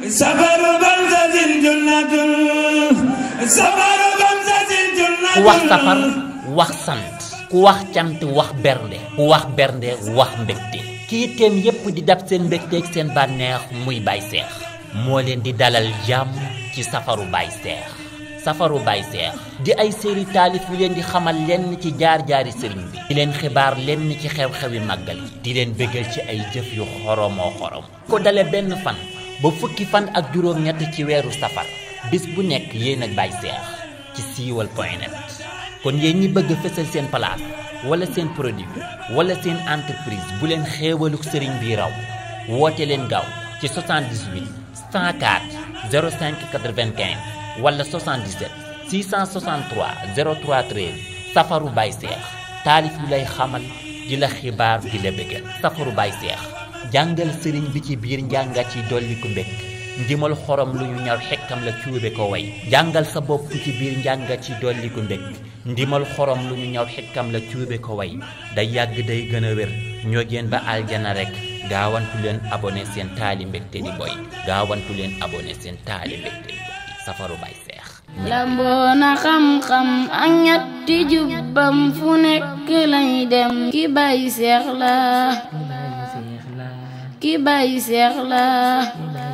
ku wax safar wax sant ku wax cant wax bernde ku wax bernde wax mbégte kii teen yépp di dab seen mbégteeg seen bànneex muy Baye Cheikh moo leen di dalal jàmm ci safaru Baye Cheikh safaru Baye Cheikh di ay série taalif yu leen di xamal lenn ci jaar-jaari sëriñ bi di leen xibaar lenn ci xew-xewi màggal yi di leen bëggal ci ay jëf yu xoromoo xorom ko dale benn fan ba fukki fan ak juróom-ñett ci weeru safar bis bu nekk yéen ak bàyyi seex ci siiwal point net kon yéen ñi bëgg fësal seen place wala seen produit wala seen entreprise bu leen xéewaluk sëriñ bi raw woote leen gaaw ci 78 104 05 95 wala 77 663 03 safaru bàyyi seex taalif yu lay xamal di la xibaar di la bëggal safaru Baye Cheikh jàngal sëriñ bi ci biir njàngat yi dolli ku mbékk ndimal xorom lu ñu ñaw xekkam la cuube ko way jàngal sa bopp ci biir njàngat yi dolli ku mbékk ndimal xorom lu ñu ñaw xekkam la cuube ko way day yàgg day gën a wér ñoo génn ba aljana rek gaawantu leen abonné seen taali mbégte di boy gaawantu leen abonné seen taali mbégte di boy safaru bay seex lamboona xam-xam ak ñatti jubbam fu nekk lay dem ki bay seex la ki bay seex la